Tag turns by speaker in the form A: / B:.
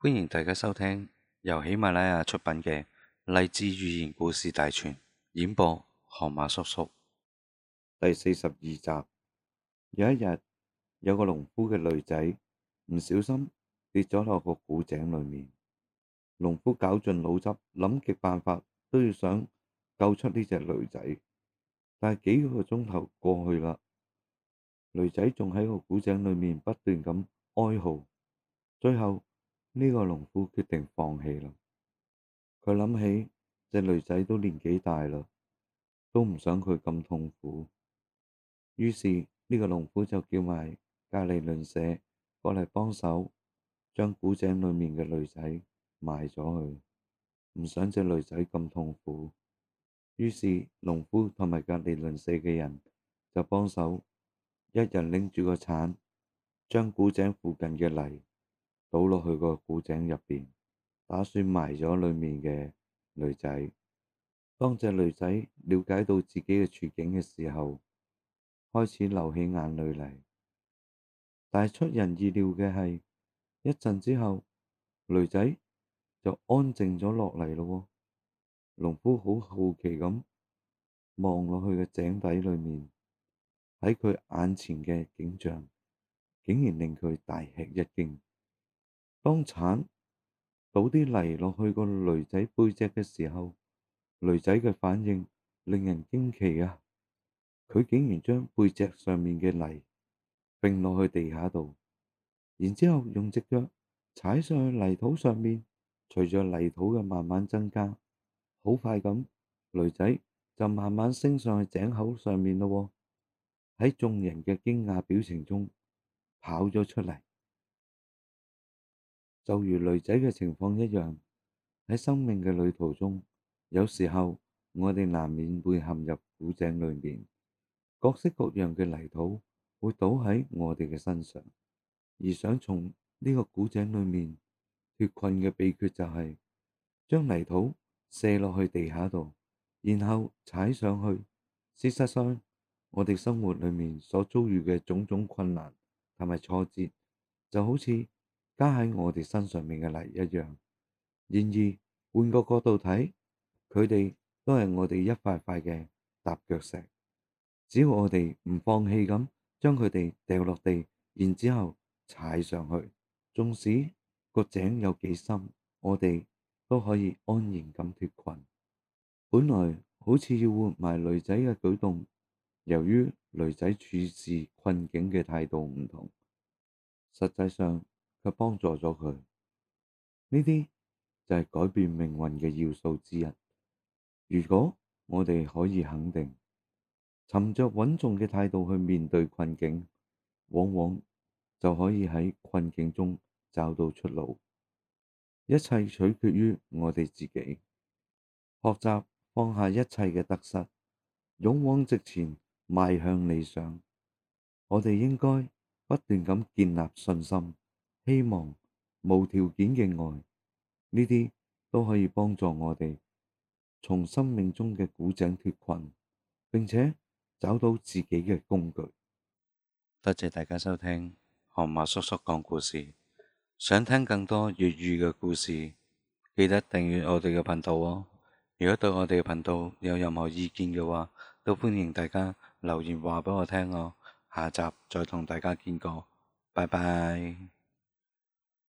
A: 歡迎大家收聽由喜馬拉雅出品嘅《勵志寓言故事大全》，演播河馬叔叔第四十二集。有一日，有個農夫嘅女仔唔小心跌咗落個古井裏面，農夫絞盡腦汁諗極辦法都要想救出呢隻女仔，但係幾個鐘頭過去啦，女仔仲喺個古井裏面不斷咁哀嚎，最後。呢個農夫決定放棄啦。佢諗起隻女仔都年紀大啦，都唔想佢咁痛苦，於是呢個農夫就叫埋隔離鄰舍過嚟幫手，將古井裡面嘅女仔埋咗去，唔想隻女仔咁痛苦。於是農夫同埋隔離鄰舍嘅人就幫手，一人拎住個鏟，將古井附近嘅泥，倒落去個古井入邊，打算埋咗裏面嘅女仔。當隻女仔了解到自己嘅處境嘅時候，開始流起眼淚嚟。但係出人意料嘅係，一陣之後，女仔就安靜咗落嚟咯。農夫好好奇咁望落去個井底裏面，喺佢眼前嘅景象，竟然令佢大吃一驚。當鏟倒啲泥落去個驢仔背脊嘅時候，驢仔嘅反應令人驚奇啊！佢竟然將背脊上面嘅泥并落去地下度，然之後用隻腳踩上去泥土上面，隨着泥土嘅慢慢增加，好快咁，驢仔就慢慢升上去井口上面咯、哦。喺眾人嘅驚訝表情中，跑，跑咗出嚟。就如女仔嘅情況一樣，喺生命嘅旅途中，有時候我哋難免會陷入古井裏面，各式各樣嘅泥土會倒喺我哋嘅身上。而想從呢個古井裏面脱困嘅秘訣就係將泥土射落去地下度，然後踩上去。事實上，我哋生活裏面所遭遇嘅種種困難同埋挫折，就好似……加喺我哋身上面嘅泥一樣，然而換個角度睇，佢哋都係我哋一塊塊嘅踏腳石。只要我哋唔放棄咁，將佢哋掉落地，然之後踩上去，縱使個井有幾深，我哋都可以安然咁脱困。本來好似要活埋女仔嘅舉動，由於女仔處事困境嘅態度唔同，實際上，幫助咗佢，呢啲就係改變命運嘅要素之一。如果我哋可以肯定，沉着穩重嘅態度去面對困境，往往就可以喺困境中找到出路。一切取決於我哋自己，學習放下一切嘅得失，勇往直前，邁向理想。我哋應該不斷咁建立信心。希望無條件嘅愛，呢啲都可以幫助我哋從生命中嘅古井脫困，並且找到自己嘅工具。多謝大家收聽河馬叔叔講故事。想聽更多粵語嘅故事，記得訂閱我哋嘅頻道哦。如果對我哋嘅頻道有任何意見嘅話，都歡迎大家留言話俾我聽哦。下集再同大家見過，拜拜。